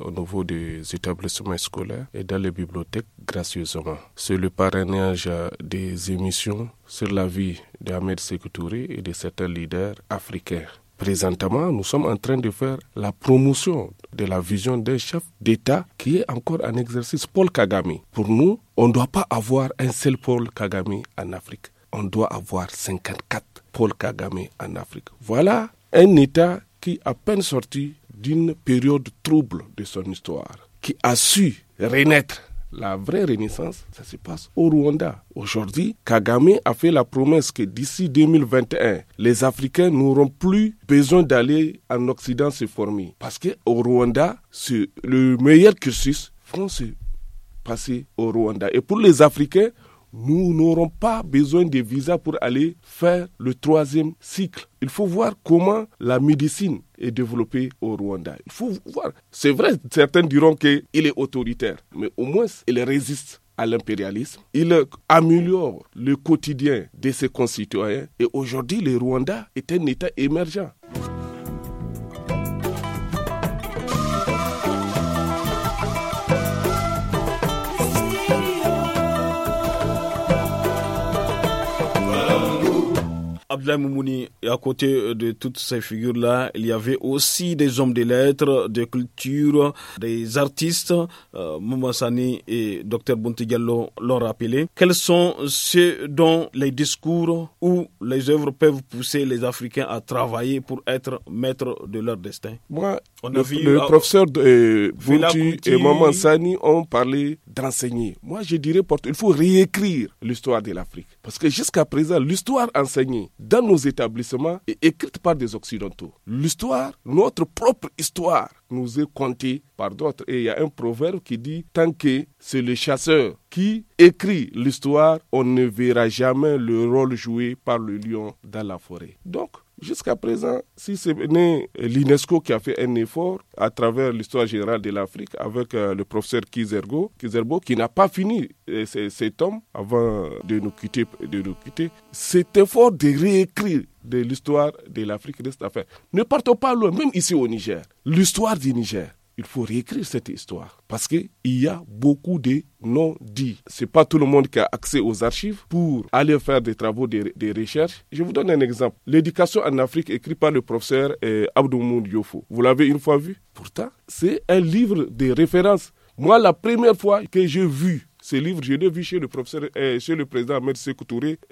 au niveau des établissements scolaires et dans les bibliothèques gracieusement. C'est le parrainage euh, des émissions sur la vie d'Ahmed Sekou Touré et de certains leaders africains. Présentement, nous sommes en train de faire la promotion de la vision d'un chef d'État qui est encore en exercice, Paul Kagame. Pour nous, on ne doit pas avoir un seul Paul Kagame en Afrique on doit avoir 54 Paul Kagame en Afrique. Voilà un État qui, à peine sorti d'une période trouble de son histoire, qui a su renaître. La vraie renaissance, ça se passe au Rwanda. Aujourd'hui, Kagame a fait la promesse que d'ici 2021, les Africains n'auront plus besoin d'aller en Occident se former. Parce qu'au Rwanda, c'est le meilleur cursus français passé passer au Rwanda. Et pour les Africains, nous n'aurons pas besoin de visa pour aller faire le troisième cycle. Il faut voir comment la médecine est développée au Rwanda. Il faut voir. C'est vrai, certains diront qu'il est autoritaire, mais au moins, il résiste à l'impérialisme. Il améliore le quotidien de ses concitoyens. Et aujourd'hui, le Rwanda est un État émergent. Abdel Moumouni, à côté euh, de toutes ces figures-là, il y avait aussi des hommes de lettres, de culture, des artistes. Euh, Moumassani et Dr Bontigallo l'ont rappelé. Quels sont ceux dont les discours ou les œuvres peuvent pousser les Africains à travailler pour être maîtres de leur destin Moi, le, euh, professeur de euh, et Maman Sani ont parlé d'enseigner. Moi, je dirais, il faut réécrire l'histoire de l'Afrique. Parce que jusqu'à présent, l'histoire enseignée dans nos établissements est écrite par des Occidentaux. L'histoire, notre propre histoire, nous est contée par d'autres. Et il y a un proverbe qui dit, tant que c'est le chasseur qui écrit l'histoire, on ne verra jamais le rôle joué par le lion dans la forêt. Donc, Jusqu'à présent, si c'est euh, l'UNESCO qui a fait un effort à travers l'histoire générale de l'Afrique avec euh, le professeur Kizergo, Kizerbo, qui n'a pas fini euh, cet homme avant de nous quitter, de nous quitter, cet effort de réécrire de l'histoire de l'Afrique reste à faire. Ne partons pas loin, même ici au Niger, l'histoire du Niger il faut réécrire cette histoire parce qu'il y a beaucoup de non-dits. C'est pas tout le monde qui a accès aux archives pour aller faire des travaux des recherches. Je vous donne un exemple. L'éducation en Afrique écrit par le professeur eh, Yofo. Vous l'avez une fois vu Pourtant, c'est un livre de référence. Moi, la première fois que j'ai vu ce livre, je l'ai vu chez le professeur, euh, chez le président Ahmed Sekou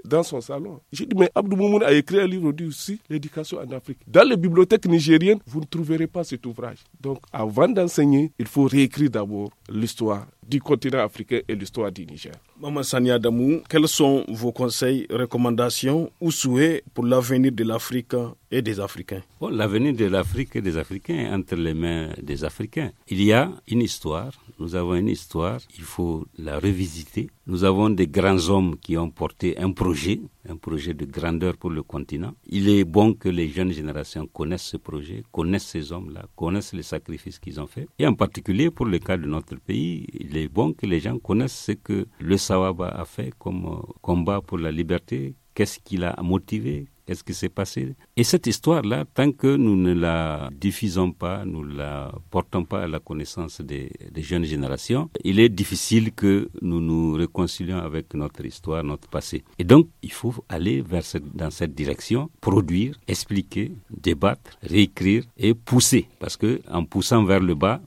dans son salon. J'ai dit, mais Abdou Moumoun a écrit un livre aussi l'éducation en Afrique. Dans les bibliothèques nigériennes, vous ne trouverez pas cet ouvrage. Donc, avant d'enseigner, il faut réécrire d'abord l'histoire du continent africain et l'histoire du Niger. Maman Sanya Damou, quels sont vos conseils, recommandations ou souhaits pour l'avenir de l'Afrique et des Africains L'avenir de l'Afrique et des Africains est entre les mains des Africains. Il y a une histoire, nous avons une histoire, il faut la revisiter nous avons des grands hommes qui ont porté un projet, un projet de grandeur pour le continent. Il est bon que les jeunes générations connaissent ce projet, connaissent ces hommes-là, connaissent les sacrifices qu'ils ont faits. Et en particulier pour le cas de notre pays, il est bon que les gens connaissent ce que le Sawaba a fait comme euh, combat pour la liberté, qu'est-ce qui l'a motivé, Qu'est-ce qui s'est passé Et cette histoire-là, tant que nous ne la diffusons pas, nous ne la portons pas à la connaissance des, jeunes générations, il est difficile que nous nous réconcilions avec notre histoire, notre passé. Et donc, il faut aller vers dans cette direction, produire, expliquer, débattre, réécrire et pousser. Parce que en poussant vers le bas,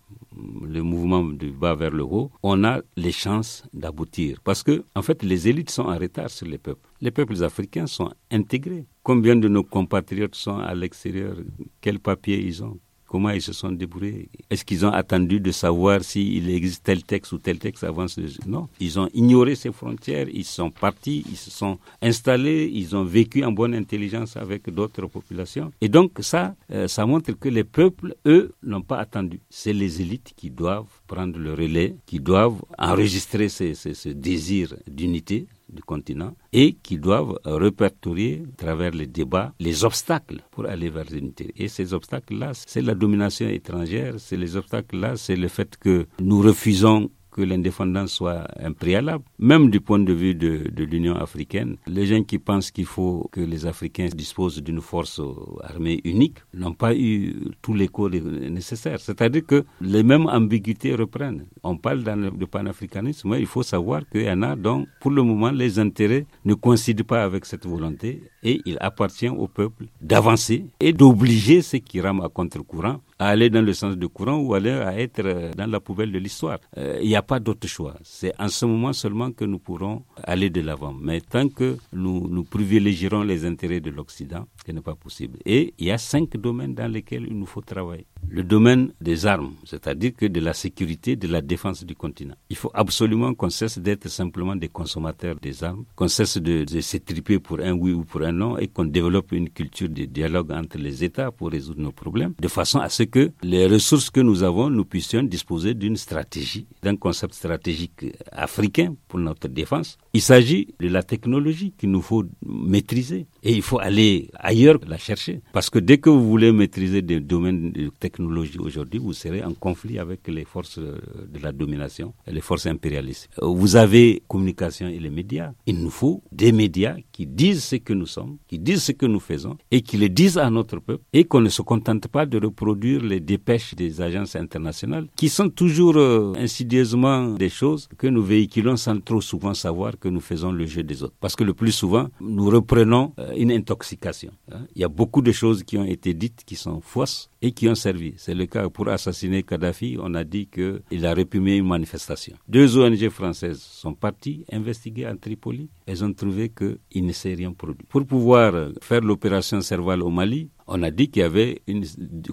le mouvement du bas vers le haut, on a les chances d'aboutir. Parce que, en fait, les élites sont en retard sur les peuples. Les peuples africains sont intégrés. Combien de nos compatriotes sont à l'extérieur Quels papiers ils ont Comment ils se sont débrouillés Est-ce qu'ils ont attendu de savoir s'il existe tel texte ou tel texte avant ce... Non, ils ont ignoré ces frontières, ils sont partis, ils se sont installés, ils ont vécu en bonne intelligence avec d'autres populations. Et donc ça, euh, ça montre que les peuples, eux, n'ont pas attendu. C'est les élites qui doivent prendre le relais, qui doivent enregistrer ce désir d'unité du continent et qui doivent répertorier à travers les débats les obstacles pour aller vers l'unité. Et ces obstacles-là, c'est la domination étrangère, c'est les obstacles-là, c'est le fait que nous refusons que l'indépendance soit un préalable, même du point de vue de, l'Union africaine. Les gens qui pensent qu'il faut que les Africains disposent d'une force armée unique n'ont pas eu tous les cours nécessaires. C'est-à-dire que les mêmes ambiguïtés reprennent. On parle de panafricanisme, mais il faut savoir qu'il y en a dont, pour le moment, les intérêts ne coïncident pas avec cette volonté et il appartient au peuple d'avancer et d'obliger ceux qui rament à contre-courant à aller dans le sens du courant ou aller à être euh, dans la poubelle de l'histoire. Euh, il n'y a pas d'autre choix. C'est en ce moment seulement que nous pourrons aller de l'avant. Mais tant que nous, nous privilégierons les intérêts de l'Occident, ce qui n'est pas possible. Et il y a cinq domaines dans lesquels il nous faut travailler. Le domaine des armes, c'est-à-dire que de la sécurité, de la défense du continent. Il faut absolument qu'on cesse d'être simplement des consommateurs des armes, qu'on cesse de, se s'étriper pour un oui ou pour un non et qu'on développe une culture de dialogue entre les États pour résoudre nos problèmes, de façon à ce que les ressources que nous avons, nous puissions disposer d'une stratégie, d'un concept stratégique africain pour notre défense. Il s'agit de la technologie qu'il nous faut maîtriser et il faut aller à ailleurs la chercher. Parce que dès que vous voulez maîtriser des domaines de technologie aujourd'hui, vous serez en conflit avec les forces euh, de la domination, les forces impérialistes. Euh, vous avez communication et les médias. Il nous faut des médias qui disent ce que nous sommes, qui disent ce que nous faisons et qui le disent à notre peuple et qu'on ne se contente pas de reproduire les dépêches des agences internationales qui sont toujours euh, insidieusement des choses que nous véhiculons sans trop souvent savoir que nous faisons le jeu des autres. Parce que le plus souvent, nous reprenons une intoxication. Hein? Il y a beaucoup de choses qui ont été dites qui sont fausses et qui ont servi. C'est le cas pour assassiner Kadhafi, on a dit qu'il a réprimé une manifestation. Deux ONG françaises sont parties investiguer en Tripoli. Elles ont trouvé qu'il ne s'est rien produit. Pour pouvoir faire l'opération Serval au Mali, on a dit qu'il y avait une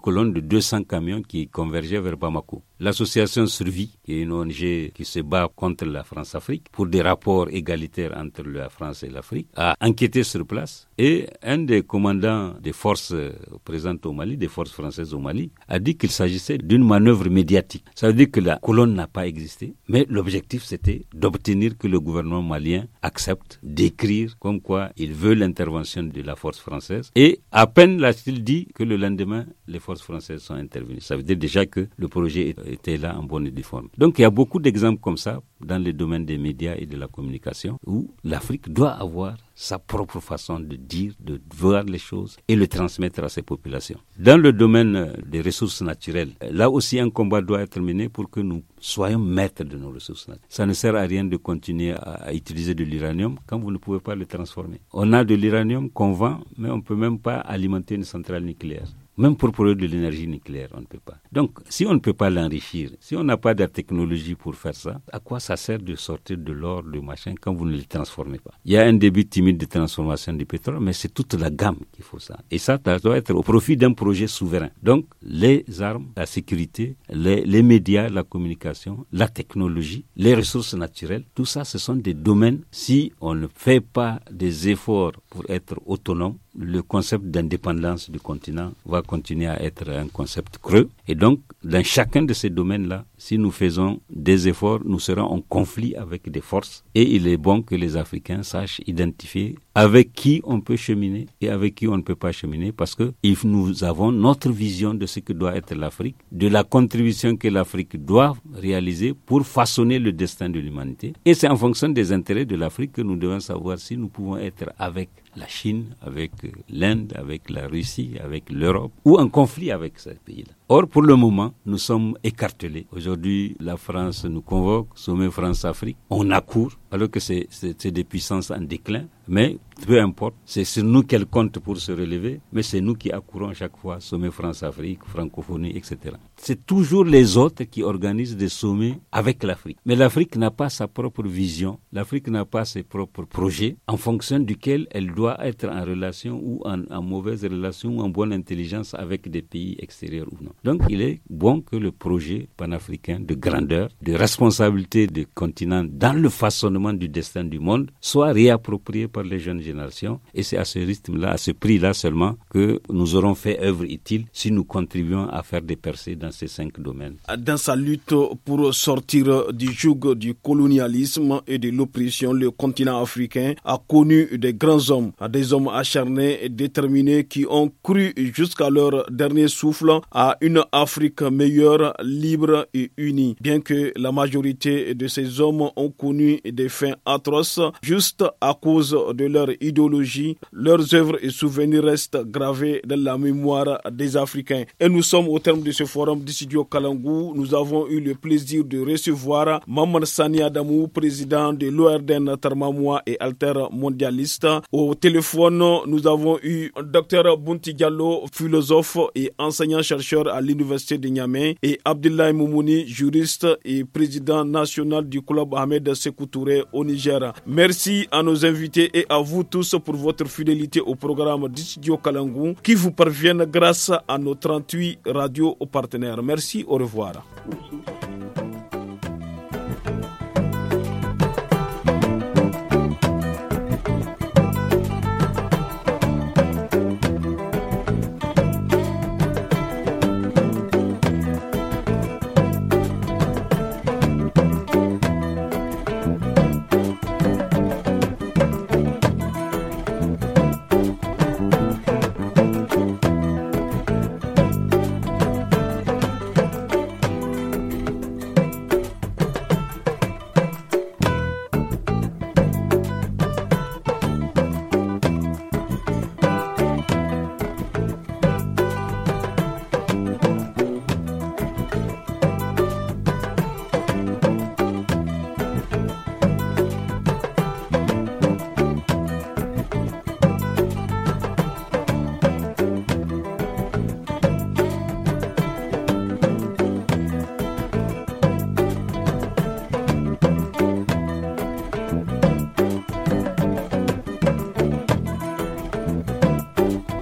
colonne de 200 camions qui convergeait vers Bamako. L'association Survie, qui est une ONG qui se bat contre la France-Afrique pour des rapports égalitaires entre la France et l'Afrique, a enquêté sur place et un des commandants des forces euh, présentes au Mali, des forces françaises au Mali, a dit qu'il s'agissait d'une manœuvre médiatique. Ça veut dire que la colonne n'a pas existé, mais l'objectif c'était d'obtenir que le gouvernement malien accepte d'écrire comme quoi il veut l'intervention de la force française et à peine la il dit que le lendemain, les forces françaises sont intervenues, ça veut dire déjà que le projet était là en bonne et due forme. Donc il y a beaucoup d'exemples comme ça dans le domaine des médias et de la communication, où l'Afrique doit avoir sa propre façon de dire, de voir les choses et le transmettre à ses populations. Dans le domaine euh, des ressources naturelles, euh, là aussi un combat doit être mené pour que nous soyons maîtres de nos ressources naturelles. Ça ne sert à rien de continuer à, utiliser de l'uranium quand vous ne pouvez pas le transformer. On a de l'uranium qu'on vend, mais on ne peut même pas alimenter une centrale nucléaire. Même pour produire de l'énergie nucléaire, on ne peut pas. Donc, si on ne peut pas l'enrichir, si on n'a pas de technologie pour faire ça, à quoi ça sert de sortir de l'or, du machin, quand vous ne le transformez pas Il y a un début timide de transformation du pétrole, mais c'est toute la gamme qu'il faut ça. Et ça, ça doit être au profit d'un projet souverain. Donc, les armes, la sécurité, les, les médias, la communication, la technologie, les ressources naturelles, tout ça, ce sont des domaines, si on ne fait pas des efforts pour être autonome, le concept d'indépendance du continent va continuer à être un concept creux. Et donc, dans chacun de ces domaines-là, si nous faisons des efforts, nous serons en conflit avec des forces. Et il est bon que les Africains sachent identifier avec qui on peut cheminer et avec qui on ne peut pas cheminer parce que nous avons notre vision de ce que doit être l'Afrique, de la contribution que l'Afrique doit réaliser pour façonner le destin de l'humanité. Et c'est en fonction des intérêts de l'Afrique que nous devons savoir si nous pouvons être avec la Chine, avec l'Inde, avec la Russie, avec l'Europe, ou un conflit avec ces pays-là. Or, pour le moment, nous sommes écartelés. Aujourd'hui, la France nous convoque, sommet France-Afrique. On accourt, alors que c'est des puissances en déclin. Mais peu importe, c'est sur nous qu'elle compte pour se relever, mais c'est nous qui accourons à chaque fois, sommet France-Afrique, francophonie, etc. C'est toujours les autres qui organisent des sommets avec l'Afrique. Mais l'Afrique n'a pas sa propre vision, l'Afrique n'a pas ses propres projets en fonction duquel elle doit être en relation ou en, en mauvaise relation ou en bonne intelligence avec des pays extérieurs ou non. Donc il est bon que le projet panafricain de grandeur, de responsabilité du continent dans le façonnement du destin du monde soit réapproprié par les jeunes générations. Et c'est à ce rythme-là, à ce prix-là seulement, que nous aurons fait œuvre utile si nous contribuons à faire des percées dans ces cinq domaines. Dans sa lutte pour sortir du joug du colonialisme et de l'oppression, le continent africain a connu des grands hommes, des hommes acharnés et déterminés qui ont cru jusqu'à leur dernier souffle à une une Afrique meilleure, libre et unie. Bien que la majorité de ces hommes ont connu des fins atroces, juste à cause de leur idéologie, leurs œuvres et souvenirs restent gravés dans la mémoire des Africains. Et nous sommes au terme de ce forum d'Issidio Kalangou. Nous avons eu le plaisir de recevoir Maman Sani Adamou, président de l'ORDN Tarmamoua et Alter Mondialiste. Au téléphone, nous avons eu Dr bounti Diallo, philosophe et enseignant-chercheur à l'université de Niamey, et Abdoulaye Moumouni, juriste et président national du club Ahmed Sekoutouré au Niger. Merci à nos invités et à vous tous pour votre fidélité au programme d'Istudio Kalangou qui vous parviennent grâce à nos 38 radios partenaires. Merci, au revoir.